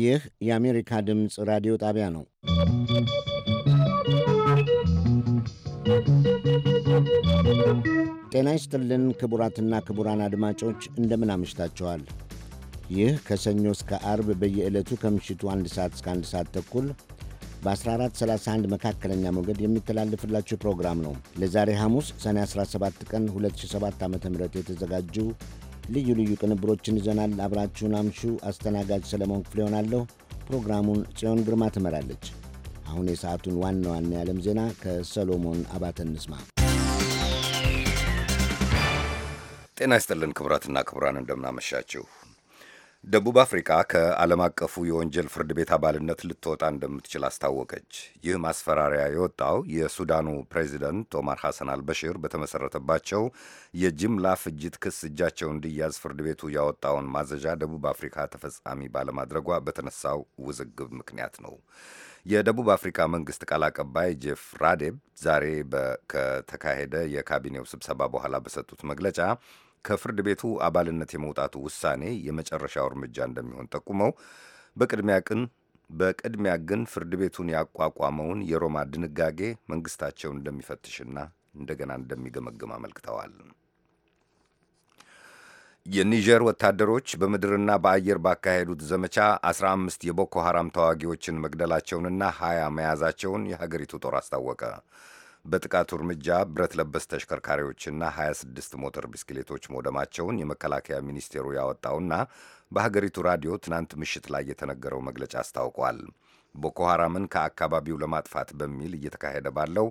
ይህ የአሜሪካ ድምፅ ራዲዮ ጣቢያ ነው። ጤና ይስጥልን ክቡራትና ክቡራን አድማጮች እንደምን አምሽታችኋል። ይህ ከሰኞ እስከ አርብ በየዕለቱ ከምሽቱ አንድ ሰዓት እስከ አንድ ሰዓት ተኩል በ1431 መካከለኛ ሞገድ የሚተላለፍላችሁ ፕሮግራም ነው። ለዛሬ ሐሙስ ሰኔ 17 ቀን 2007 ዓ ም የተዘጋጁ ልዩ ልዩ ቅንብሮችን ይዘናል። አብራችሁን አምሹ። አስተናጋጅ ሰለሞን ክፍሌ ሆናለሁ። ፕሮግራሙን ጽዮን ግርማ ትመራለች። አሁን የሰዓቱን ዋና ዋና የዓለም ዜና ከሰሎሞን አባተ እንስማ። ጤና ይስጥልን ክቡራትና ክቡራን እንደምናመሻችሁ ደቡብ አፍሪካ ከዓለም አቀፉ የወንጀል ፍርድ ቤት አባልነት ልትወጣ እንደምትችል አስታወቀች። ይህ ማስፈራሪያ የወጣው የሱዳኑ ፕሬዚደንት ኦማር ሐሰን አልበሽር በተመሠረተባቸው የጅምላ ፍጅት ክስ እጃቸው እንዲያዝ ፍርድ ቤቱ ያወጣውን ማዘዣ ደቡብ አፍሪካ ተፈጻሚ ባለማድረጓ በተነሳው ውዝግብ ምክንያት ነው። የደቡብ አፍሪካ መንግስት ቃል አቀባይ ጄፍ ራዴብ ዛሬ ከተካሄደ የካቢኔው ስብሰባ በኋላ በሰጡት መግለጫ ከፍርድ ቤቱ አባልነት የመውጣቱ ውሳኔ የመጨረሻው እርምጃ እንደሚሆን ጠቁመው በቅድሚያ ቅን በቅድሚያ ግን ፍርድ ቤቱን ያቋቋመውን የሮማ ድንጋጌ መንግስታቸውን እንደሚፈትሽና እንደገና እንደሚገመግም አመልክተዋል። የኒጀር ወታደሮች በምድርና በአየር ባካሄዱት ዘመቻ 15 የቦኮ ሐራም ተዋጊዎችን መግደላቸውንና 20 መያዛቸውን የሀገሪቱ ጦር አስታወቀ። በጥቃቱ እርምጃ ብረት ለበስ ተሽከርካሪዎችና 26 ሞተር ብስክሌቶች መውደማቸውን የመከላከያ ሚኒስቴሩ ያወጣውና በሀገሪቱ ራዲዮ ትናንት ምሽት ላይ የተነገረው መግለጫ አስታውቋል። ቦኮ ሐራምን ከአካባቢው ለማጥፋት በሚል እየተካሄደ ባለው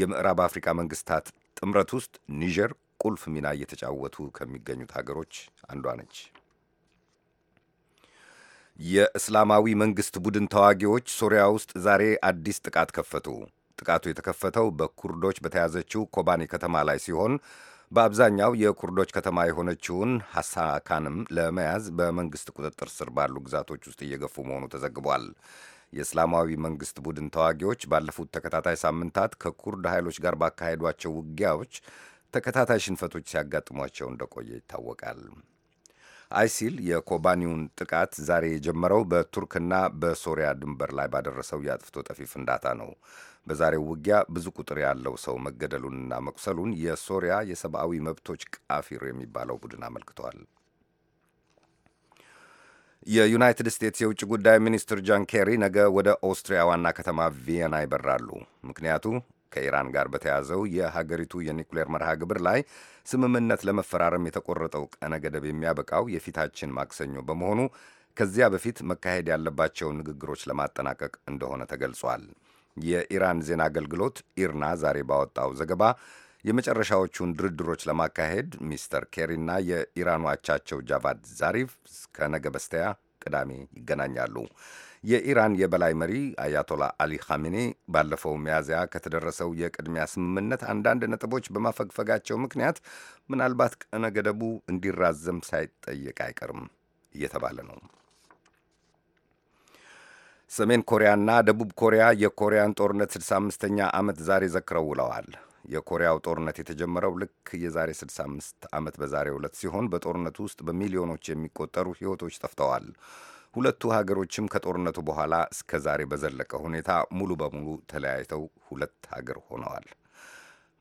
የምዕራብ አፍሪካ መንግስታት ጥምረት ውስጥ ኒጀር ቁልፍ ሚና እየተጫወቱ ከሚገኙት ሀገሮች አንዷ ነች። የእስላማዊ መንግስት ቡድን ተዋጊዎች ሶሪያ ውስጥ ዛሬ አዲስ ጥቃት ከፈቱ። ጥቃቱ የተከፈተው በኩርዶች በተያዘችው ኮባኒ ከተማ ላይ ሲሆን በአብዛኛው የኩርዶች ከተማ የሆነችውን ሐሳካንም ለመያዝ በመንግሥት ቁጥጥር ስር ባሉ ግዛቶች ውስጥ እየገፉ መሆኑ ተዘግቧል። የእስላማዊ መንግሥት ቡድን ተዋጊዎች ባለፉት ተከታታይ ሳምንታት ከኩርድ ኃይሎች ጋር ባካሄዷቸው ውጊያዎች ተከታታይ ሽንፈቶች ሲያጋጥሟቸው እንደቆየ ይታወቃል። አይሲል የኮባኒውን ጥቃት ዛሬ የጀመረው በቱርክና በሶሪያ ድንበር ላይ ባደረሰው የአጥፍቶ ጠፊ ፍንዳታ ነው። በዛሬው ውጊያ ብዙ ቁጥር ያለው ሰው መገደሉንና መቁሰሉን የሶሪያ የሰብአዊ መብቶች ቃፊር የሚባለው ቡድን አመልክቷል። የዩናይትድ ስቴትስ የውጭ ጉዳይ ሚኒስትር ጃን ኬሪ ነገ ወደ ኦስትሪያ ዋና ከተማ ቪየና ይበራሉ። ምክንያቱ ከኢራን ጋር በተያዘው የሀገሪቱ የኒውክሌር መርሃ ግብር ላይ ስምምነት ለመፈራረም የተቆረጠው ቀነ ገደብ የሚያበቃው የፊታችን ማክሰኞ በመሆኑ ከዚያ በፊት መካሄድ ያለባቸውን ንግግሮች ለማጠናቀቅ እንደሆነ ተገልጿል። የኢራን ዜና አገልግሎት ኢርና ዛሬ ባወጣው ዘገባ የመጨረሻዎቹን ድርድሮች ለማካሄድ ሚስተር ኬሪና የኢራኑ አቻቸው ጃቫድ ዛሪፍ ከነገ በስተያ ቅዳሜ ይገናኛሉ። የኢራን የበላይ መሪ አያቶላ አሊ ኻሜኔ ባለፈው ሚያዝያ ከተደረሰው የቅድሚያ ስምምነት አንዳንድ ነጥቦች በማፈግፈጋቸው ምክንያት ምናልባት ቀነ ገደቡ እንዲራዘም ሳይጠየቅ አይቀርም እየተባለ ነው። ሰሜን ኮሪያና ደቡብ ኮሪያ የኮሪያን ጦርነት 65ኛ ዓመት ዛሬ ዘክረው ውለዋል። የኮሪያው ጦርነት የተጀመረው ልክ የዛሬ 65 ዓመት በዛሬ ዕለት ሲሆን በጦርነቱ ውስጥ በሚሊዮኖች የሚቆጠሩ ሕይወቶች ጠፍተዋል። ሁለቱ ሀገሮችም ከጦርነቱ በኋላ እስከ ዛሬ በዘለቀ ሁኔታ ሙሉ በሙሉ ተለያይተው ሁለት ሀገር ሆነዋል።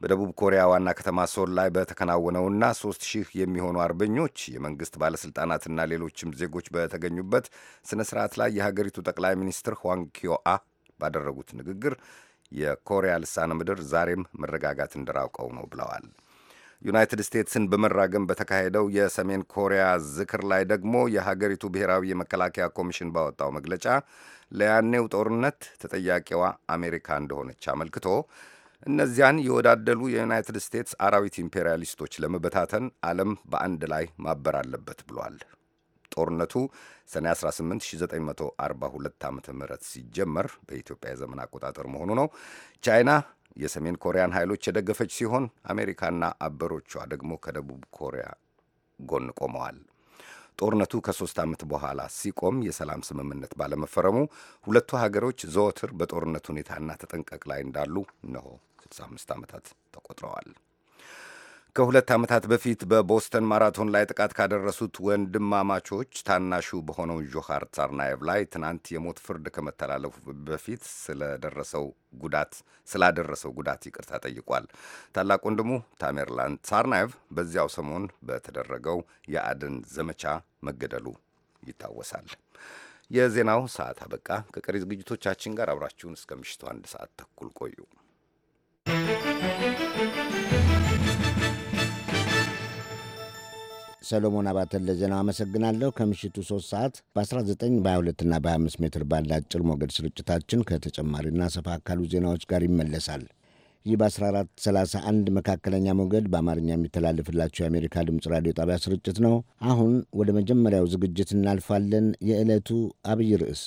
በደቡብ ኮሪያ ዋና ከተማ ሶል ላይ በተከናወነውና ሶስት ሺህ የሚሆኑ አርበኞች የመንግስት ባለሥልጣናትና ሌሎችም ዜጎች በተገኙበት ስነ ስርዓት ላይ የሀገሪቱ ጠቅላይ ሚኒስትር ሆንኪዮአ ኪዮአ ባደረጉት ንግግር የኮሪያ ልሳነ ምድር ዛሬም መረጋጋት እንደራቀው ነው ብለዋል። ዩናይትድ ስቴትስን በመራገም በተካሄደው የሰሜን ኮሪያ ዝክር ላይ ደግሞ የሀገሪቱ ብሔራዊ የመከላከያ ኮሚሽን ባወጣው መግለጫ ለያኔው ጦርነት ተጠያቂዋ አሜሪካ እንደሆነች አመልክቶ እነዚያን የወዳደሉ የዩናይትድ ስቴትስ አራዊት ኢምፔሪያሊስቶች ለመበታተን ዓለም በአንድ ላይ ማበር አለበት ብሏል። ጦርነቱ ሰኔ 18 1942 ዓ ም ሲጀመር በኢትዮጵያ የዘመን አቆጣጠር መሆኑ ነው። ቻይና የሰሜን ኮሪያን ኃይሎች የደገፈች ሲሆን አሜሪካና አበሮቿ ደግሞ ከደቡብ ኮሪያ ጎን ቆመዋል። ጦርነቱ ከሶስት ዓመት በኋላ ሲቆም የሰላም ስምምነት ባለመፈረሙ ሁለቱ ሀገሮች ዘወትር በጦርነት ሁኔታና ተጠንቀቅ ላይ እንዳሉ እነሆ 65 ዓመታት ተቆጥረዋል። ከሁለት ዓመታት በፊት በቦስተን ማራቶን ላይ ጥቃት ካደረሱት ወንድማማቾች ታናሹ በሆነው ጆሃር ሳርናየቭ ላይ ትናንት የሞት ፍርድ ከመተላለፉ በፊት ስለደረሰው ጉዳት ስላደረሰው ጉዳት ይቅርታ ጠይቋል። ታላቅ ወንድሙ ታሜርላን ሳርናየቭ በዚያው ሰሞን በተደረገው የአድን ዘመቻ መገደሉ ይታወሳል። የዜናው ሰዓት አበቃ። ከቀሪ ዝግጅቶቻችን ጋር አብራችሁን እስከ ምሽቱ አንድ ሰዓት ተኩል ቆዩ። ሰሎሞን አባተን ለዜናው አመሰግናለሁ። ከምሽቱ 3 ሰዓት በ19 በ22ና በ25 ሜትር ባለ አጭር ሞገድ ስርጭታችን ከተጨማሪና ሰፋ አካሉ ዜናዎች ጋር ይመለሳል። ይህ በ1431 መካከለኛ ሞገድ በአማርኛ የሚተላለፍላቸው የአሜሪካ ድምፅ ራዲዮ ጣቢያ ስርጭት ነው። አሁን ወደ መጀመሪያው ዝግጅት እናልፋለን። የዕለቱ አብይ ርዕስ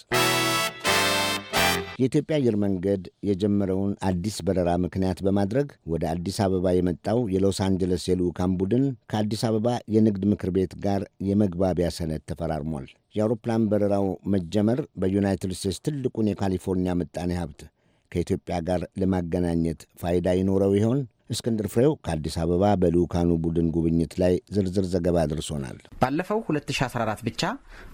የኢትዮጵያ አየር መንገድ የጀመረውን አዲስ በረራ ምክንያት በማድረግ ወደ አዲስ አበባ የመጣው የሎስ አንጀለስ የልዑካን ቡድን ከአዲስ አበባ የንግድ ምክር ቤት ጋር የመግባቢያ ሰነድ ተፈራርሟል። የአውሮፕላን በረራው መጀመር በዩናይትድ ስቴትስ ትልቁን የካሊፎርኒያ ምጣኔ ሀብት ከኢትዮጵያ ጋር ለማገናኘት ፋይዳ ይኖረው ይሆን? እስክንድር ፍሬው ከአዲስ አበባ በልዑካኑ ቡድን ጉብኝት ላይ ዝርዝር ዘገባ አድርሶናል። ባለፈው 2014 ብቻ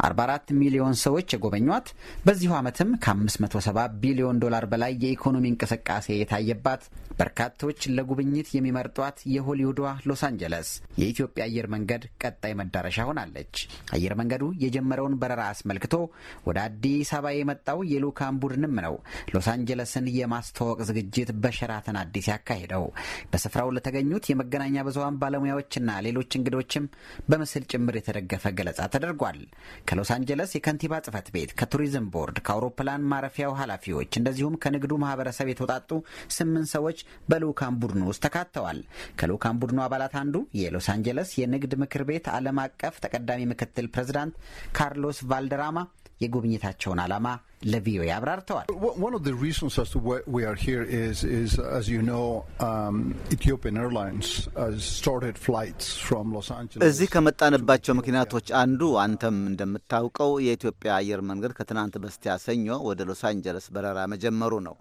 44 ሚሊዮን ሰዎች የጎበኟት በዚሁ ዓመትም ከ570 ቢሊዮን ዶላር በላይ የኢኮኖሚ እንቅስቃሴ የታየባት በርካቶች ለጉብኝት የሚመርጧት የሆሊውዷ ሎስ አንጀለስ የኢትዮጵያ አየር መንገድ ቀጣይ መዳረሻ ሆናለች። አየር መንገዱ የጀመረውን በረራ አስመልክቶ ወደ አዲስ አበባ የመጣው የልዑካን ቡድንም ነው ሎስ አንጀለስን የማስተዋወቅ ዝግጅት በሸራተን አዲስ ያካሄደው። በስፍራው ለተገኙት የመገናኛ ብዙሀን ባለሙያዎችና ሌሎች እንግዶችም በምስል ጭምር የተደገፈ ገለጻ ተደርጓል። ከሎስ አንጀለስ የከንቲባ ጽህፈት ቤት፣ ከቱሪዝም ቦርድ፣ ከአውሮፕላን ማረፊያው ኃላፊዎች እንደዚሁም ከንግዱ ማህበረሰብ የተውጣጡ ስምንት ሰዎች በልኡካን ቡድኑ ውስጥ ተካተዋል። ከልኡካን ቡድኑ አባላት አንዱ የሎስ አንጀለስ የንግድ ምክር ቤት ዓለም አቀፍ ተቀዳሚ ምክትል ፕሬዝዳንት ካርሎስ ቫልደራማ የጉብኝታቸውን ዓላማ ለቪኦኤ አብራርተዋል። um, እዚህ ከመጣንባቸው ምክንያቶች አንዱ አንተም እንደምታውቀው የኢትዮጵያ አየር መንገድ ከትናንት በስቲያ ሰኞ ወደ ሎስ አንጀለስ በረራ መጀመሩ ነው።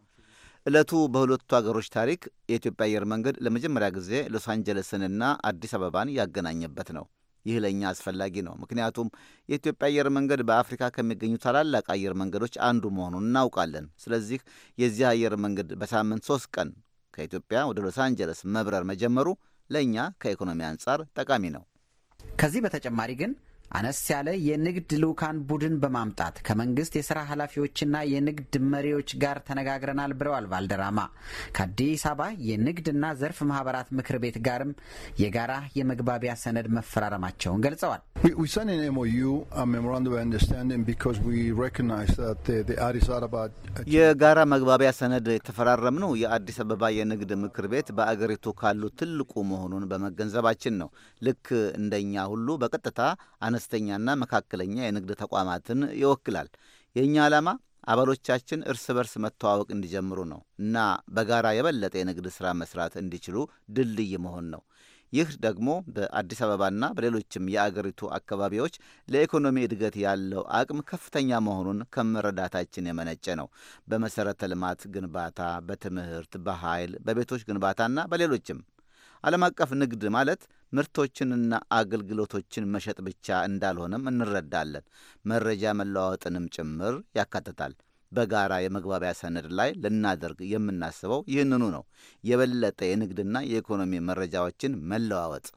ዕለቱ በሁለቱ አገሮች ታሪክ የኢትዮጵያ አየር መንገድ ለመጀመሪያ ጊዜ ሎስ አንጀለስንና አዲስ አበባን ያገናኘበት ነው። ይህ ለእኛ አስፈላጊ ነው። ምክንያቱም የኢትዮጵያ አየር መንገድ በአፍሪካ ከሚገኙ ታላላቅ አየር መንገዶች አንዱ መሆኑን እናውቃለን። ስለዚህ የዚህ አየር መንገድ በሳምንት ሶስት ቀን ከኢትዮጵያ ወደ ሎስ አንጀለስ መብረር መጀመሩ ለእኛ ከኢኮኖሚ አንጻር ጠቃሚ ነው። ከዚህ በተጨማሪ ግን አነስ ያለ የንግድ ልዑካን ቡድን በማምጣት ከመንግስት የስራ ኃላፊዎችና የንግድ መሪዎች ጋር ተነጋግረናል ብለዋል ባልደራማ። ከአዲስ አበባ የንግድና ዘርፍ ማህበራት ምክር ቤት ጋርም የጋራ የመግባቢያ ሰነድ መፈራረማቸውን ገልጸዋል። የጋራ መግባቢያ ሰነድ የተፈራረምነው የአዲስ አበባ የንግድ ምክር ቤት በአገሪቱ ካሉ ትልቁ መሆኑን በመገንዘባችን ነው። ልክ እንደኛ ሁሉ በቀጥታ አነስተኛና መካከለኛ የንግድ ተቋማትን ይወክላል። የእኛ ዓላማ አባሎቻችን እርስ በርስ መተዋወቅ እንዲጀምሩ ነው እና በጋራ የበለጠ የንግድ ሥራ መስራት እንዲችሉ ድልድይ መሆን ነው። ይህ ደግሞ በአዲስ አበባና በሌሎችም የአገሪቱ አካባቢዎች ለኢኮኖሚ እድገት ያለው አቅም ከፍተኛ መሆኑን ከመረዳታችን የመነጨ ነው። በመሠረተ ልማት ግንባታ፣ በትምህርት፣ በኃይል፣ በቤቶች ግንባታና በሌሎችም ዓለም አቀፍ ንግድ ማለት ምርቶችንና አገልግሎቶችን መሸጥ ብቻ እንዳልሆነም እንረዳለን። መረጃ መለዋወጥንም ጭምር ያካትታል። በጋራ የመግባቢያ ሰነድ ላይ ልናደርግ የምናስበው ይህንኑ ነው። የበለጠ የንግድና የኢኮኖሚ መረጃዎችን መለዋወጥ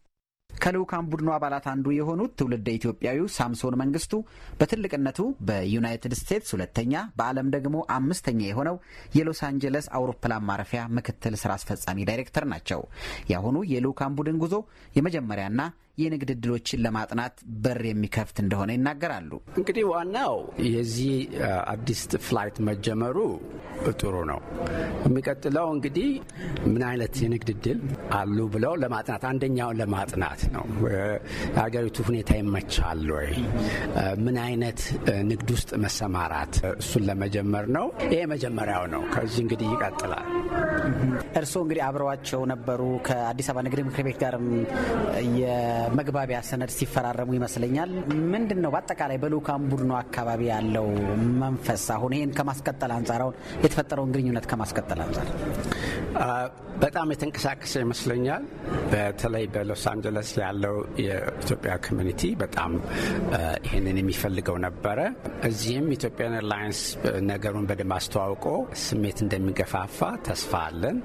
ከልዑካን ቡድኑ አባላት አንዱ የሆኑት ትውልደ ኢትዮጵያዊው ሳምሶን መንግስቱ በትልቅነቱ በዩናይትድ ስቴትስ ሁለተኛ በዓለም ደግሞ አምስተኛ የሆነው የሎስ አንጀለስ አውሮፕላን ማረፊያ ምክትል ስራ አስፈጻሚ ዳይሬክተር ናቸው። የአሁኑ የልዑካን ቡድን ጉዞ የመጀመሪያና የንግድ እድሎችን ለማጥናት በር የሚከፍት እንደሆነ ይናገራሉ። እንግዲህ ዋናው የዚህ አዲስ ፍላይት መጀመሩ ጥሩ ነው። የሚቀጥለው እንግዲህ ምን አይነት የንግድ እድል አሉ ብለው ለማጥናት አንደኛውን ለማጥናት ነው። የሀገሪቱ ሁኔታ ይመቻል ወይ? ምን አይነት ንግድ ውስጥ መሰማራት እሱን ለመጀመር ነው። ይሄ መጀመሪያው ነው። ከዚህ እንግዲህ ይቀጥላል። እርስዎ እንግዲህ አብረዋቸው ነበሩ። ከአዲስ አበባ ንግድ ምክር ቤት ጋርም የመግባቢያ ሰነድ ሲፈራረሙ ይመስለኛል። ምንድን ነው በአጠቃላይ በልዑካን ቡድኑ አካባቢ ያለው መንፈስ አሁን ይህን ከማስቀጠል አንጻር አሁን የተፈጠረውን ግንኙነት ከማስቀጠል አንጻር በጣም የተንቀሳቀሰ ይመስለኛል። በተለይ በሎስ አንጀለስ ያለው የኢትዮጵያ ኮሚኒቲ በጣም ይህንን የሚፈልገው ነበረ። እዚህም ኢትዮጵያን ኤርላይንስ ነገሩን በደንብ አስተዋውቆ ስሜት እንደሚገፋፋ ተስፋ አለን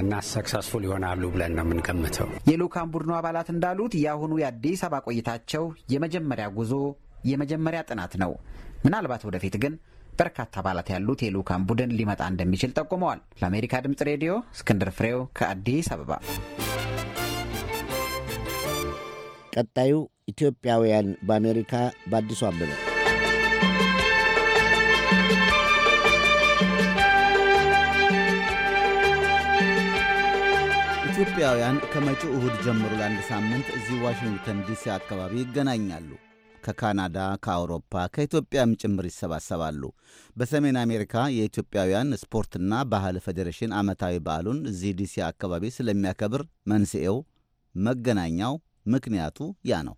እና ሰክሰስፉል ይሆናሉ ብለን ነው የምንገምተው። የልዑካን ቡድኑ አባላት እንዳሉት የአሁኑ የአዲስ አበባ ቆይታቸው የመጀመሪያ ጉዞ የመጀመሪያ ጥናት ነው። ምናልባት ወደፊት ግን በርካታ አባላት ያሉት የልኡካን ቡድን ሊመጣ እንደሚችል ጠቁመዋል። ለአሜሪካ ድምጽ ሬዲዮ እስክንድር ፍሬው ከአዲስ አበባ። ቀጣዩ ኢትዮጵያውያን በአሜሪካ በአዲሱ አበበ ኢትዮጵያውያን ከመጪው እሁድ ጀምሮ ለአንድ ሳምንት እዚህ ዋሽንግተን ዲሲ አካባቢ ይገናኛሉ። ከካናዳ፣ ከአውሮፓ፣ ከኢትዮጵያም ጭምር ይሰባሰባሉ። በሰሜን አሜሪካ የኢትዮጵያውያን ስፖርትና ባህል ፌዴሬሽን ዓመታዊ በዓሉን እዚህ ዲሲ አካባቢ ስለሚያከብር መንስኤው፣ መገናኛው፣ ምክንያቱ ያ ነው።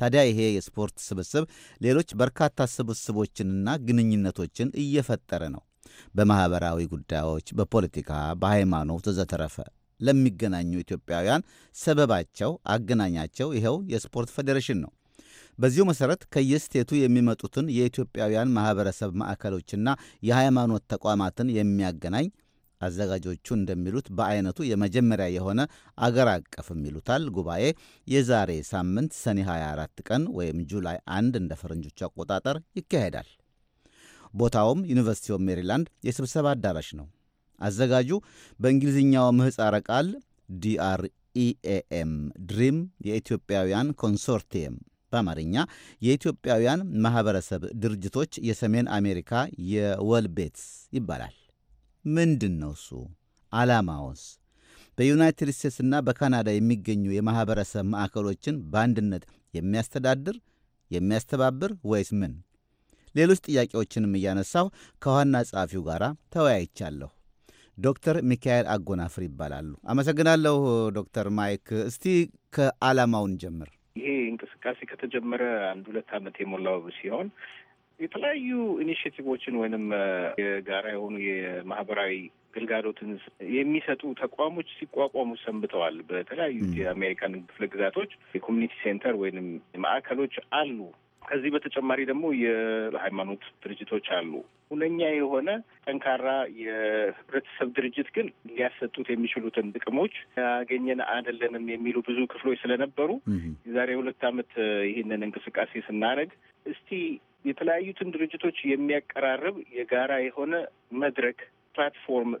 ታዲያ ይሄ የስፖርት ስብስብ ሌሎች በርካታ ስብስቦችንና ግንኙነቶችን እየፈጠረ ነው። በማኅበራዊ ጉዳዮች፣ በፖለቲካ፣ በሃይማኖት ዘተረፈ ለሚገናኙ ኢትዮጵያውያን ሰበባቸው አገናኛቸው ይኸው የስፖርት ፌዴሬሽን ነው። በዚሁ መሰረት ከየስቴቱ የሚመጡትን የኢትዮጵያውያን ማኅበረሰብ ማዕከሎችና የሃይማኖት ተቋማትን የሚያገናኝ አዘጋጆቹ እንደሚሉት በአይነቱ የመጀመሪያ የሆነ አገር አቀፍም ይሉታል ጉባኤ የዛሬ ሳምንት ሰኔ 24 ቀን ወይም ጁላይ 1 እንደ ፈረንጆቹ አቆጣጠር ይካሄዳል። ቦታውም ዩኒቨርሲቲ ኦፍ ሜሪላንድ የስብሰባ አዳራሽ ነው። አዘጋጁ በእንግሊዝኛው ምህፃረ ቃል ዲአርኢኤኤም ድሪም የኢትዮጵያውያን ኮንሶርቲየም በአማርኛ የኢትዮጵያውያን ማኅበረሰብ ድርጅቶች የሰሜን አሜሪካ የወልቤትስ ይባላል። ምንድን ነው እሱ? ዓላማውስ? በዩናይትድ ስቴትስና በካናዳ የሚገኙ የማኅበረሰብ ማዕከሎችን በአንድነት የሚያስተዳድር የሚያስተባብር ወይስ ምን? ሌሎች ጥያቄዎችንም እያነሳሁ ከዋና ጸሐፊው ጋር ተወያይቻለሁ። ዶክተር ሚካኤል አጎናፍር ይባላሉ። አመሰግናለሁ ዶክተር ማይክ። እስቲ ከዓላማውን ጀምር። እንቅስቃሴ ከተጀመረ አንድ ሁለት ዓመት የሞላው ሲሆን የተለያዩ ኢኒሽቲቮችን ወይንም የጋራ የሆኑ የማህበራዊ ግልጋሎትን የሚሰጡ ተቋሞች ሲቋቋሙ ሰንብተዋል። በተለያዩ የአሜሪካን ክፍለ ግዛቶች የኮሚኒቲ ሴንተር ወይንም ማዕከሎች አሉ። ከዚህ በተጨማሪ ደግሞ የሃይማኖት ድርጅቶች አሉ። ሁነኛ የሆነ ጠንካራ የህብረተሰብ ድርጅት ግን ሊያሰጡት የሚችሉትን ጥቅሞች ያገኘን አይደለንም የሚሉ ብዙ ክፍሎች ስለነበሩ የዛሬ ሁለት ዓመት ይህንን እንቅስቃሴ ስናደርግ እስቲ የተለያዩትን ድርጅቶች የሚያቀራርብ የጋራ የሆነ መድረክ ፕላትፎርም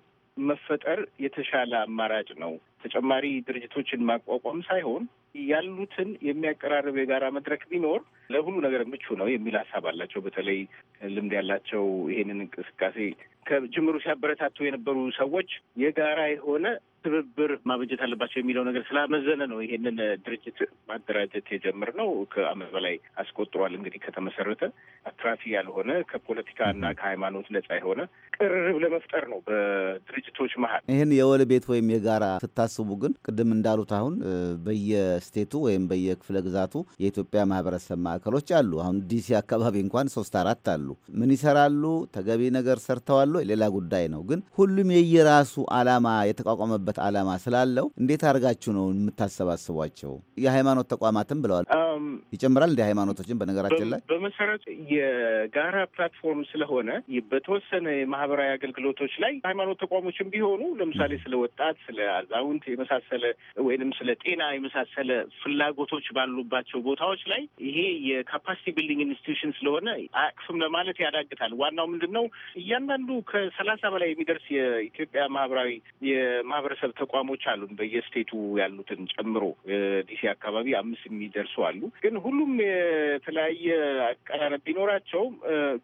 መፈጠር የተሻለ አማራጭ ነው። ተጨማሪ ድርጅቶችን ማቋቋም ሳይሆን ያሉትን የሚያቀራርብ የጋራ መድረክ ቢኖር ለሁሉ ነገር ምቹ ነው የሚል ሀሳብ አላቸው። በተለይ ልምድ ያላቸው ይሄንን እንቅስቃሴ ከጅምሩ ሲያበረታቱ የነበሩ ሰዎች የጋራ የሆነ ትብብር ማበጀት አለባቸው የሚለው ነገር ስላመዘነ ነው ይሄንን ድርጅት ማደራጀት የጀመርነው። ከአመት በላይ አስቆጥሯል። እንግዲህ ከተመሰረተ አትራፊ ያልሆነ ከፖለቲካ እና ከሃይማኖት ነጻ የሆነ ቅርርብ ለመፍጠር ነው በድርጅቶች መሀል። ይህን የወል ቤት ወይም የጋራ ስታስቡ ግን ቅድም እንዳሉት አሁን በየስቴቱ ወይም በየክፍለ ግዛቱ የኢትዮጵያ ማህበረሰብ ማዕከሎች አሉ። አሁን ዲሲ አካባቢ እንኳን ሶስት አራት አሉ። ምን ይሰራሉ? ተገቢ ነገር ሰርተዋሉ ሌላ ጉዳይ ነው። ግን ሁሉም የየራሱ ዓላማ የተቋቋመበት ዓላማ ስላለው እንዴት አድርጋችሁ ነው የምታሰባስቧቸው? የሃይማኖት ተቋማትም ብለዋል ይጨምራል እንደ ሃይማኖቶችን በነገራችን ላይ በመሰረት የጋራ ፕላትፎርም ስለሆነ በተወሰነ የማህበራዊ አገልግሎቶች ላይ ሃይማኖት ተቋሞችን ቢሆኑ ለምሳሌ ስለ ወጣት፣ ስለ አዛውንት የመሳሰለ ወይንም ስለ ጤና የመሳሰለ ፍላጎቶች ባሉባቸው ቦታዎች ላይ ይሄ የካፓሲቲ ቢልዲንግ ኢንስቲትዩሽን ስለሆነ አያቅፍም ለማለት ያዳግታል። ዋናው ምንድን ነው እያንዳንዱ ከሰላሳ በላይ የሚደርስ የኢትዮጵያ ማህበራዊ የማህበረሰብ ተቋሞች አሉን በየስቴቱ ያሉትን ጨምሮ ዲሲ አካባቢ አምስት የሚደርሱ አሉ። ግን ሁሉም የተለያየ አቀራረብ ቢኖራቸውም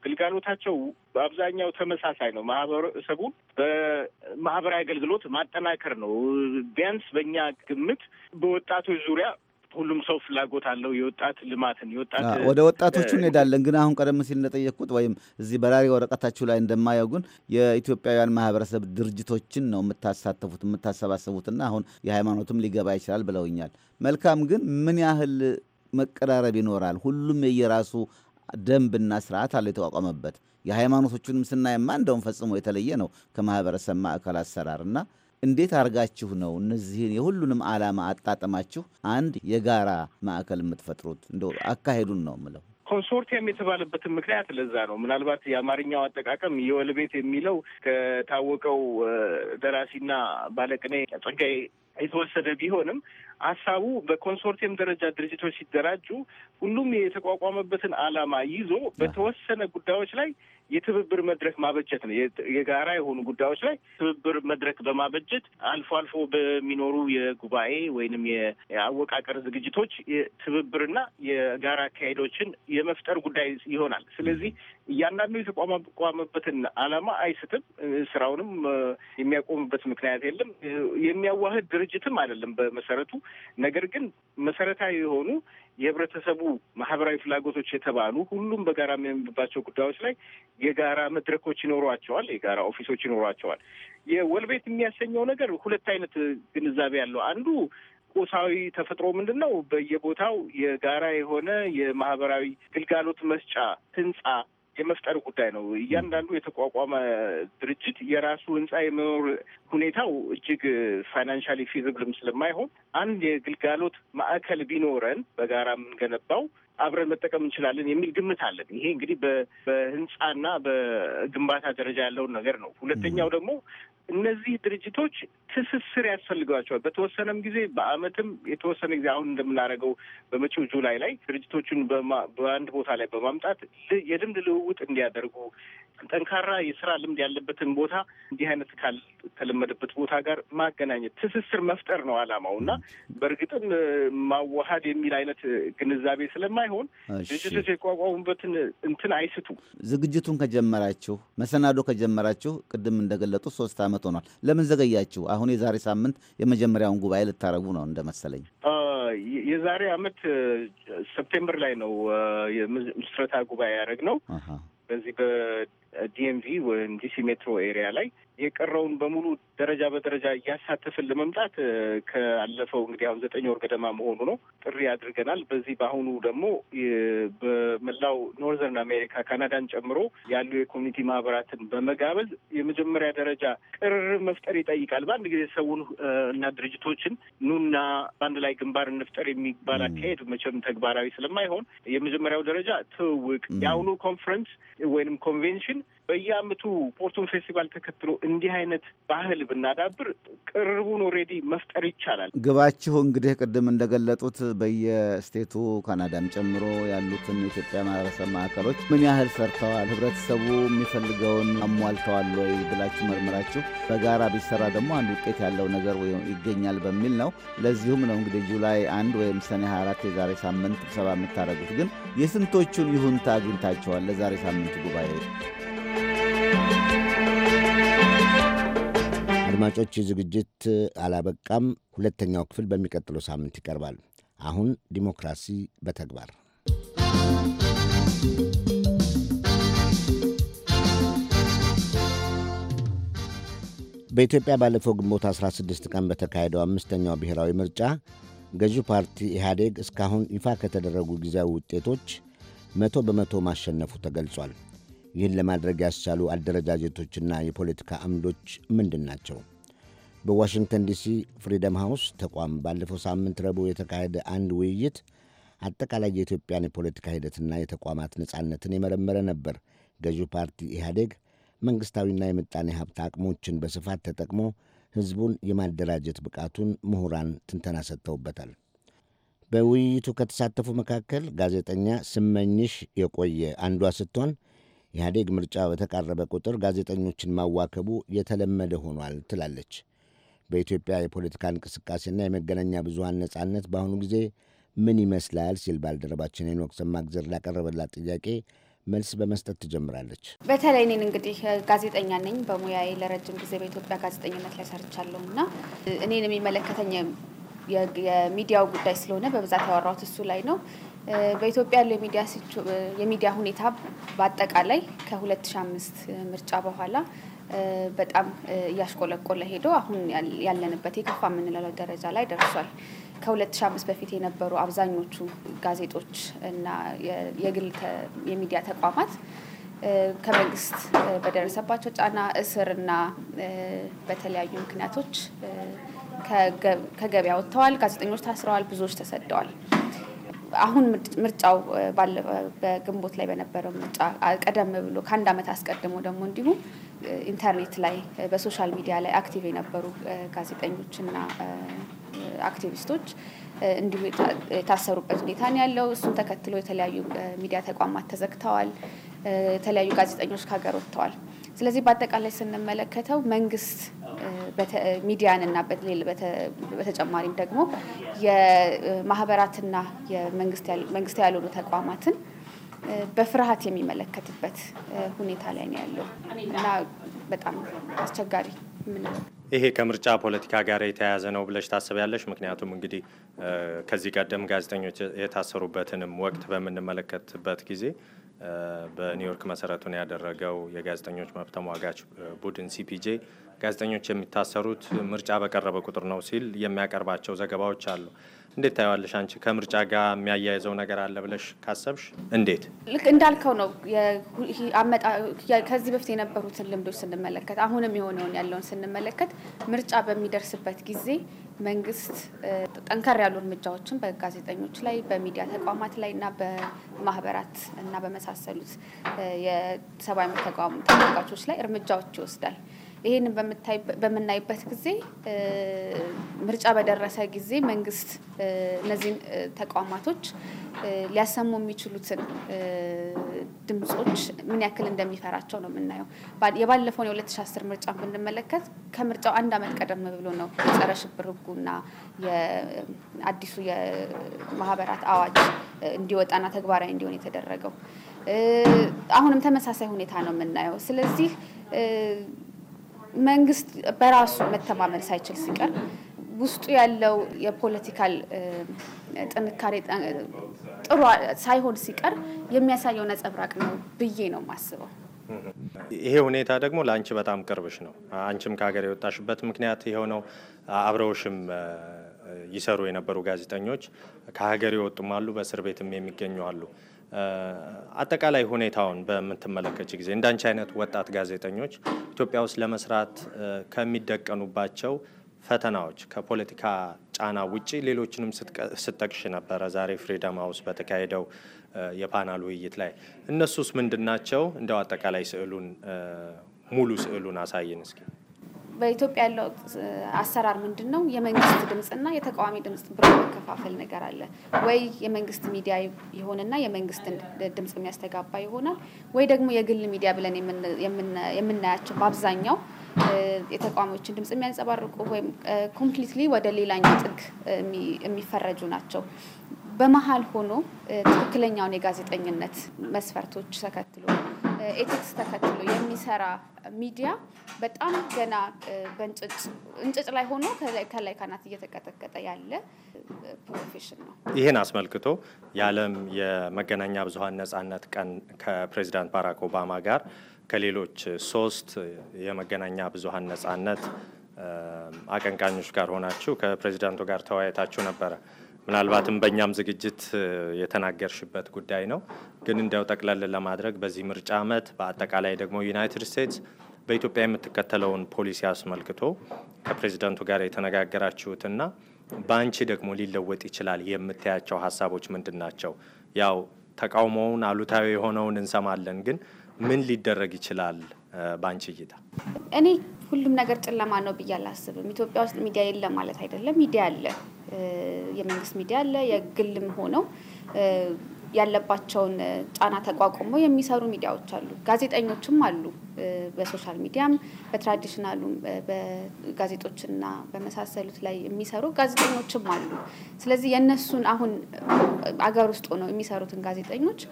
ግልጋሎታቸው በአብዛኛው ተመሳሳይ ነው። ማህበረሰቡን በማህበራዊ አገልግሎት ማጠናከር ነው። ቢያንስ በእኛ ግምት በወጣቶች ዙሪያ ሁሉም ሰው ፍላጎት አለው የወጣት ልማትን የወጣት ወደ ወጣቶቹ እንሄዳለን። ግን አሁን ቀደም ሲል እንደጠየቅኩት ወይም እዚህ በራሪ ወረቀታችሁ ላይ እንደማየው ግን የኢትዮጵያውያን ማህበረሰብ ድርጅቶችን ነው የምታሳተፉት የምታሰባሰቡትና አሁን የሃይማኖትም ሊገባ ይችላል ብለውኛል። መልካም ግን ምን ያህል መቀራረብ ይኖራል? ሁሉም የየራሱ ደንብና ስርዓት አለው የተቋቋመበት። የሃይማኖቶቹንም ስናየማ እንደውም ፈጽሞ የተለየ ነው ከማህበረሰብ ማዕከል አሰራርና እንዴት አድርጋችሁ ነው እነዚህን የሁሉንም ዓላማ አጣጠማችሁ አንድ የጋራ ማዕከል የምትፈጥሩት? እንደ አካሄዱን ነው የምለው። ኮንሶርቲየም የተባለበትን ምክንያት ለዛ ነው። ምናልባት የአማርኛው አጠቃቀም የወል ቤት የሚለው ከታወቀው ደራሲና ባለቅኔ ጸጋዬ የተወሰደ ቢሆንም ሀሳቡ በኮንሶርቲየም ደረጃ ድርጅቶች ሲደራጁ ሁሉም የተቋቋመበትን ዓላማ ይዞ በተወሰነ ጉዳዮች ላይ የትብብር መድረክ ማበጀት ነው። የጋራ የሆኑ ጉዳዮች ላይ ትብብር መድረክ በማበጀት አልፎ አልፎ በሚኖሩ የጉባኤ ወይንም የአወቃቀር ዝግጅቶች ትብብርና የጋራ አካሄዶችን የመፍጠር ጉዳይ ይሆናል። ስለዚህ እያንዳንዱ የተቋቋመበትን ዓላማ አይስትም። ስራውንም የሚያቆምበት ምክንያት የለም። የሚያዋህድ ድርጅትም አይደለም በመሰረቱ። ነገር ግን መሰረታዊ የሆኑ የህብረተሰቡ ማህበራዊ ፍላጎቶች የተባሉ ሁሉም በጋራ የሚያምንባቸው ጉዳዮች ላይ የጋራ መድረኮች ይኖሯቸዋል፣ የጋራ ኦፊሶች ይኖሯቸዋል። የወልቤት የሚያሰኘው ነገር ሁለት አይነት ግንዛቤ ያለው አንዱ ቁሳዊ ተፈጥሮ ምንድን ነው? በየቦታው የጋራ የሆነ የማህበራዊ ግልጋሎት መስጫ ህንጻ የመፍጠር ጉዳይ ነው። እያንዳንዱ የተቋቋመ ድርጅት የራሱ ህንፃ የመኖር ሁኔታው እጅግ ፋይናንሻሊ ፊዚብልም ስለማይሆን አንድ የግልጋሎት ማዕከል ቢኖረን በጋራ የምንገነባው አብረን መጠቀም እንችላለን የሚል ግምት አለን። ይሄ እንግዲህ በህንፃና በግንባታ ደረጃ ያለውን ነገር ነው። ሁለተኛው ደግሞ እነዚህ ድርጅቶች ትስስር ያስፈልገዋቸዋል። በተወሰነም ጊዜ በአመትም የተወሰነ ጊዜ አሁን እንደምናደርገው በመጪው ጁላይ ላይ ድርጅቶቹን በአንድ ቦታ ላይ በማምጣት የልምድ ልውውጥ እንዲያደርጉ ጠንካራ የስራ ልምድ ያለበትን ቦታ እንዲህ አይነት ካልተለመደበት ቦታ ጋር ማገናኘት ትስስር መፍጠር ነው አላማው እና በእርግጥም ማዋሃድ የሚል አይነት ግንዛቤ ስለማይሆን ድርጅቶች የቋቋሙበትን እንትን አይስቱ። ዝግጅቱን ከጀመራችሁ መሰናዶ ከጀመራችሁ ቅድም እንደገለጡ ሶስት ዓመት ሆኗል። ለምን ዘገያችሁ? አሁን የዛሬ ሳምንት የመጀመሪያውን ጉባኤ ልታረጉ ነው እንደመሰለኝ። የዛሬ ዓመት ሰፕቴምበር ላይ ነው ምስረታ ጉባኤ ነው በዚህ በዲኤምቪ ወይም ዲሲ ሜትሮ ኤሪያ ላይ የቀረውን በሙሉ ደረጃ በደረጃ እያሳተፍን ለመምጣት ካለፈው እንግዲህ አሁን ዘጠኝ ወር ገደማ መሆኑ ነው ጥሪ አድርገናል። በዚህ በአሁኑ ደግሞ በመላው ኖርዘርን አሜሪካ ካናዳን ጨምሮ ያሉ የኮሚኒቲ ማህበራትን በመጋበዝ የመጀመሪያ ደረጃ ቅርርብ መፍጠር ይጠይቃል። በአንድ ጊዜ ሰውን እና ድርጅቶችን ኑና በአንድ ላይ ግንባር እንፍጠር የሚባል አካሄድ መቼም ተግባራዊ ስለማይሆን የመጀመሪያው ደረጃ ትውውቅ የአሁኑ ኮንፈረንስ ወይንም ኮንቬንሽን በየአመቱ ፖርቱን ፌስቲቫል ተከትሎ እንዲህ አይነት ባህል ብናዳብር ቅርቡን ኦልሬዲ መፍጠር ይቻላል። ግባችሁ እንግዲህ ቅድም እንደገለጡት በየስቴቱ ካናዳም ጨምሮ ያሉትን የኢትዮጵያ ማህበረሰብ ማዕከሎች ምን ያህል ሰርተዋል፣ ህብረተሰቡ የሚፈልገውን አሟልተዋል ወይ ብላችሁ መርምራችሁ በጋራ ቢሰራ ደግሞ አንድ ውጤት ያለው ነገር ይገኛል በሚል ነው። ለዚሁም ነው እንግዲህ ጁላይ አንድ ወይም ሰኔ 24 የዛሬ ሳምንት ስብሰባ የምታደርጉት። ግን የስንቶቹን ይሁንታ አግኝታቸዋል ለዛሬ ሳምንት ጉባኤ? አድማጮች፣ ዝግጅት አላበቃም። ሁለተኛው ክፍል በሚቀጥለው ሳምንት ይቀርባል። አሁን ዲሞክራሲ በተግባር በኢትዮጵያ ባለፈው ግንቦት 16 ቀን በተካሄደው አምስተኛው ብሔራዊ ምርጫ ገዢው ፓርቲ ኢህአዴግ እስካሁን ይፋ ከተደረጉ ጊዜያዊ ውጤቶች መቶ በመቶ ማሸነፉ ተገልጿል። ይህን ለማድረግ ያስቻሉ አደረጃጀቶችና የፖለቲካ አምዶች ምንድን ናቸው? በዋሽንግተን ዲሲ ፍሪደም ሃውስ ተቋም ባለፈው ሳምንት ረቡዕ የተካሄደ አንድ ውይይት አጠቃላይ የኢትዮጵያን የፖለቲካ ሂደትና የተቋማት ነጻነትን የመረመረ ነበር። ገዢው ፓርቲ ኢህአዴግ መንግሥታዊና የምጣኔ ሀብት አቅሞችን በስፋት ተጠቅሞ ሕዝቡን የማደራጀት ብቃቱን ምሁራን ትንተና ሰጥተውበታል። በውይይቱ ከተሳተፉ መካከል ጋዜጠኛ ስመኝሽ የቆየ አንዷ ስትሆን ኢህአዴግ ምርጫ በተቃረበ ቁጥር ጋዜጠኞችን ማዋከቡ የተለመደ ሆኗል ትላለች። በኢትዮጵያ የፖለቲካ እንቅስቃሴና የመገናኛ ብዙሃን ነጻነት በአሁኑ ጊዜ ምን ይመስላል ሲል ባልደረባችን ሄኖክ ሰማግዘር ላቀረበላት ጥያቄ መልስ በመስጠት ትጀምራለች። በተለይ እኔን እንግዲህ ጋዜጠኛ ነኝ በሙያዬ ለረጅም ጊዜ በኢትዮጵያ ጋዜጠኝነት ላይ ሰርቻለሁ እና እኔን የሚመለከተኝ የሚዲያው ጉዳይ ስለሆነ በብዛት ያወራሁት እሱ ላይ ነው። በኢትዮጵያ ያለው የሚዲያ ሁኔታ በአጠቃላይ ከ2005 ምርጫ በኋላ በጣም እያሽቆለቆለ ሄዶ አሁን ያለንበት የከፋ የምንለው ደረጃ ላይ ደርሷል። ከ2005 በፊት የነበሩ አብዛኞቹ ጋዜጦች እና የግል የሚዲያ ተቋማት ከመንግስት በደረሰባቸው ጫና፣ እስር በተለያዩ ምክንያቶች ከገበያ ወጥተዋል። ጋዜጠኞች ታስረዋል። ብዙዎች ተሰደዋል። አሁን ምርጫው በግንቦት ላይ በነበረው ምርጫ ቀደም ብሎ ከአንድ ዓመት አስቀድሞ ደግሞ እንዲሁም ኢንተርኔት ላይ በሶሻል ሚዲያ ላይ አክቲቭ የነበሩ ጋዜጠኞችና አክቲቪስቶች እንዲሁ የታሰሩበት ሁኔታ ነው ያለው። እሱን ተከትሎ የተለያዩ ሚዲያ ተቋማት ተዘግተዋል። የተለያዩ ጋዜጠኞች ከሀገር ወጥተዋል። ስለዚህ በአጠቃላይ ስንመለከተው መንግስት ሚዲያን እና በተጨማሪም ደግሞ የማህበራትና መንግስት ያልሆኑ ተቋማትን በፍርሃት የሚመለከትበት ሁኔታ ላይ ነው ያለው እና በጣም አስቸጋሪ ይሄ ከምርጫ ፖለቲካ ጋር የተያያዘ ነው ብለሽ ታስቢያለሽ? ምክንያቱም እንግዲህ ከዚህ ቀደም ጋዜጠኞች የታሰሩበትንም ወቅት በምንመለከትበት ጊዜ በኒውዮርክ መሰረቱን ያደረገው የጋዜጠኞች መብት ተሟጋች ቡድን ሲፒጄ ጋዜጠኞች የሚታሰሩት ምርጫ በቀረበ ቁጥር ነው ሲል የሚያቀርባቸው ዘገባዎች አሉ። እንዴት ታየዋለሽ አንቺ? ከምርጫ ጋር የሚያያይዘው ነገር አለ ብለሽ ካሰብሽ እንዴት? ልክ እንዳልከው ነው። ከዚህ በፊት የነበሩትን ልምዶች ስንመለከት፣ አሁንም የሆነውን ያለውን ስንመለከት ምርጫ በሚደርስበት ጊዜ መንግስት ጠንከር ያሉ እርምጃዎችን በጋዜጠኞች ላይ በሚዲያ ተቋማት ላይ እና በማህበራት እና በመሳሰሉት የሰብአዊ መብት ተሟጋቾች ላይ እርምጃዎች ይወስዳል። ይህንን በምናይበት ጊዜ ምርጫ በደረሰ ጊዜ መንግስት እነዚህን ተቋማቶች ሊያሰሙ የሚችሉትን ድምጾች ምን ያክል እንደሚፈራቸው ነው የምናየው። የባለፈውን የ2010 ምርጫ ብንመለከት ከምርጫው አንድ አመት ቀደም ብሎ ነው የጸረ ሽብር ህጉና የአዲሱ የማህበራት አዋጅ እንዲወጣና ተግባራዊ እንዲሆን የተደረገው። አሁንም ተመሳሳይ ሁኔታ ነው የምናየው። ስለዚህ መንግስት በራሱ መተማመን ሳይችል ሲቀር ውስጡ ያለው የፖለቲካል ጥንካሬ ጥሩ ሳይሆን ሲቀር የሚያሳየው ነጸብራቅ ነው ብዬ ነው የማስበው። ይሄ ሁኔታ ደግሞ ለአንቺ በጣም ቅርብሽ ነው። አንቺም ከሀገር የወጣሽበት ምክንያት ነው። አብረውሽም ይሰሩ የነበሩ ጋዜጠኞች ከሀገር የወጡም አሉ፣ በእስር ቤትም የሚገኙ አሉ። አጠቃላይ ሁኔታውን በምትመለከች ጊዜ እንዳንቺ አይነት ወጣት ጋዜጠኞች ኢትዮጵያ ውስጥ ለመስራት ከሚደቀኑባቸው ፈተናዎች ከፖለቲካ ጫና ውጪ ሌሎችንም ስጠቅሽ ነበረ። ዛሬ ፍሪደም ሀውስ በተካሄደው የፓናል ውይይት ላይ እነሱስ ምንድናቸው? እንደው አጠቃላይ ስዕሉን ሙሉ ስዕሉን አሳይን እስኪ። በኢትዮጵያ ያለው አሰራር ምንድን ነው? የመንግስት ድምፅና የተቃዋሚ ድምፅ ብሎ መከፋፈል ነገር አለ ወይ? የመንግስት ሚዲያ ይሆንና የመንግስት ድምፅ የሚያስተጋባ ይሆናል ወይ ደግሞ የግል ሚዲያ ብለን የምናያቸው በአብዛኛው የተቃዋሚዎችን ድምፅ የሚያንጸባርቁ ወይም ኮምፕሊትሊ ወደ ሌላኛው ጥግ የሚፈረጁ ናቸው። በመሀል ሆኖ ትክክለኛውን የጋዜጠኝነት መስፈርቶች ተከትሎ ኤቲክስ ተከትሎ የሚሰራ ሚዲያ በጣም ገና እንጭጭ ላይ ሆኖ ከላይ ካናት እየተቀጠቀጠ ያለ ፕሮፌሽን ነው። ይህን አስመልክቶ የዓለም የመገናኛ ብዙኃን ነጻነት ቀን ከፕሬዚዳንት ባራክ ኦባማ ጋር ከሌሎች ሶስት የመገናኛ ብዙኃን ነጻነት አቀንቃኞች ጋር ሆናችሁ ከፕሬዚዳንቱ ጋር ተወያይታችሁ ነበረ። ምናልባትም በእኛም ዝግጅት የተናገርሽበት ጉዳይ ነው። ግን እንዲያው ጠቅለል ለማድረግ በዚህ ምርጫ ዓመት በአጠቃላይ ደግሞ ዩናይትድ ስቴትስ በኢትዮጵያ የምትከተለውን ፖሊሲ አስመልክቶ ከፕሬዚደንቱ ጋር የተነጋገራችሁትና በአንቺ ደግሞ ሊለወጥ ይችላል የምታያቸው ሀሳቦች ምንድን ናቸው? ያው ተቃውሞውን አሉታዊ የሆነውን እንሰማለን፣ ግን ምን ሊደረግ ይችላል በአንቺ እይታ? እኔ ሁሉም ነገር ጨለማ ነው ብዬ አላስብም። ኢትዮጵያ ውስጥ ሚዲያ የለም ማለት አይደለም፣ ሚዲያ አለ። የመንግስት ሚዲያ አለ፣ የግልም ሆነው ያለባቸውን ጫና ተቋቁሞ የሚሰሩ ሚዲያዎች አሉ፣ ጋዜጠኞችም አሉ። በሶሻል ሚዲያም በትራዲሽናሉ በጋዜጦችና በመሳሰሉት ላይ የሚሰሩ ጋዜጠኞችም አሉ። ስለዚህ የእነሱን አሁን አገር ውስጥ ሆነው የሚሰሩትን ጋዜጠኞች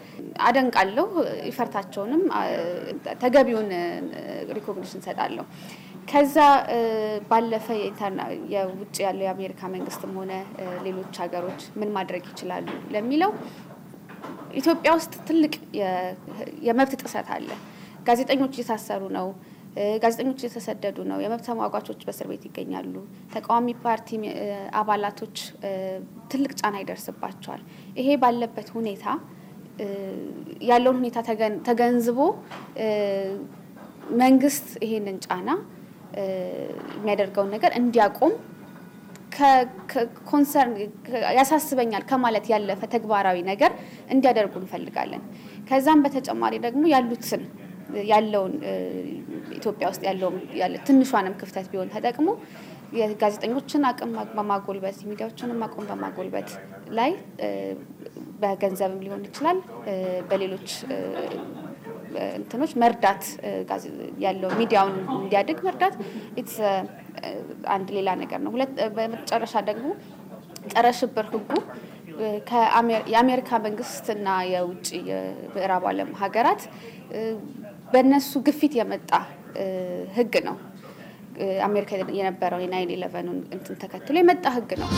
አደንቃለሁ። ይፈርታቸውንም ተገቢውን ሪኮግኒሽን ሰጣለሁ። ከዛ ባለፈ የውጭ ያለው የአሜሪካ መንግስትም ሆነ ሌሎች ሀገሮች ምን ማድረግ ይችላሉ ለሚለው ኢትዮጵያ ውስጥ ትልቅ የመብት ጥሰት አለ። ጋዜጠኞች እየታሰሩ ነው። ጋዜጠኞች እየተሰደዱ ነው። የመብት ተሟጓቾች በእስር ቤት ይገኛሉ። ተቃዋሚ ፓርቲ አባላቶች ትልቅ ጫና ይደርስባቸዋል። ይሄ ባለበት ሁኔታ ያለውን ሁኔታ ተገንዝቦ መንግስት ይሄንን ጫና የሚያደርገውን ነገር እንዲያቆም ከኮንሰርን ያሳስበኛል ከማለት ያለፈ ተግባራዊ ነገር እንዲያደርጉ እንፈልጋለን። ከዛም በተጨማሪ ደግሞ ያሉትን ያለውን ኢትዮጵያ ውስጥ ያለውን ትንሿንም ክፍተት ቢሆን ተጠቅሞ የጋዜጠኞችን አቅም በማጎልበት የሚዲያዎችንም አቅም በማጎልበት ላይ በገንዘብም ሊሆን ይችላል፣ በሌሎች እንትኖች መርዳት ያለው ሚዲያውን እንዲያድግ መርዳት አንድ ሌላ ነገር ነው። ሁለት በመጨረሻ ደግሞ ጸረ ሽብር ህጉ የአሜሪካ መንግስት መንግስትና የውጭ የምዕራብ ዓለም ሀገራት በእነሱ ግፊት የመጣ ህግ ነው። አሜሪካ የነበረው የናይን ኢለቨኑን እንትን ተከትሎ የመጣ ህግ ነው።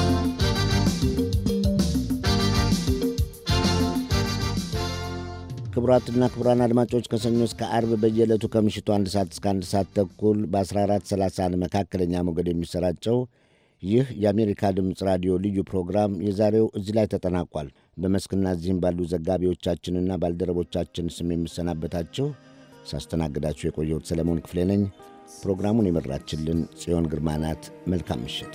ክቡራትና ክቡራን አድማጮች ከሰኞ እስከ አርብ በየዕለቱ ከምሽቱ አንድ ሰዓት እስከ አንድ ሰዓት ተኩል በ1431 መካከለኛ ሞገድ የሚሰራጨው ይህ የአሜሪካ ድምፅ ራዲዮ ልዩ ፕሮግራም የዛሬው እዚህ ላይ ተጠናቋል። በመስክና እዚህም ባሉ ዘጋቢዎቻችንና ባልደረቦቻችን ስም የምሰናበታችሁ ሳስተናግዳችሁ የቆየሁት ሰለሞን ክፍሌ ነኝ። ፕሮግራሙን የመራችልን ጽዮን ግርማ ናት። መልካም ምሽት።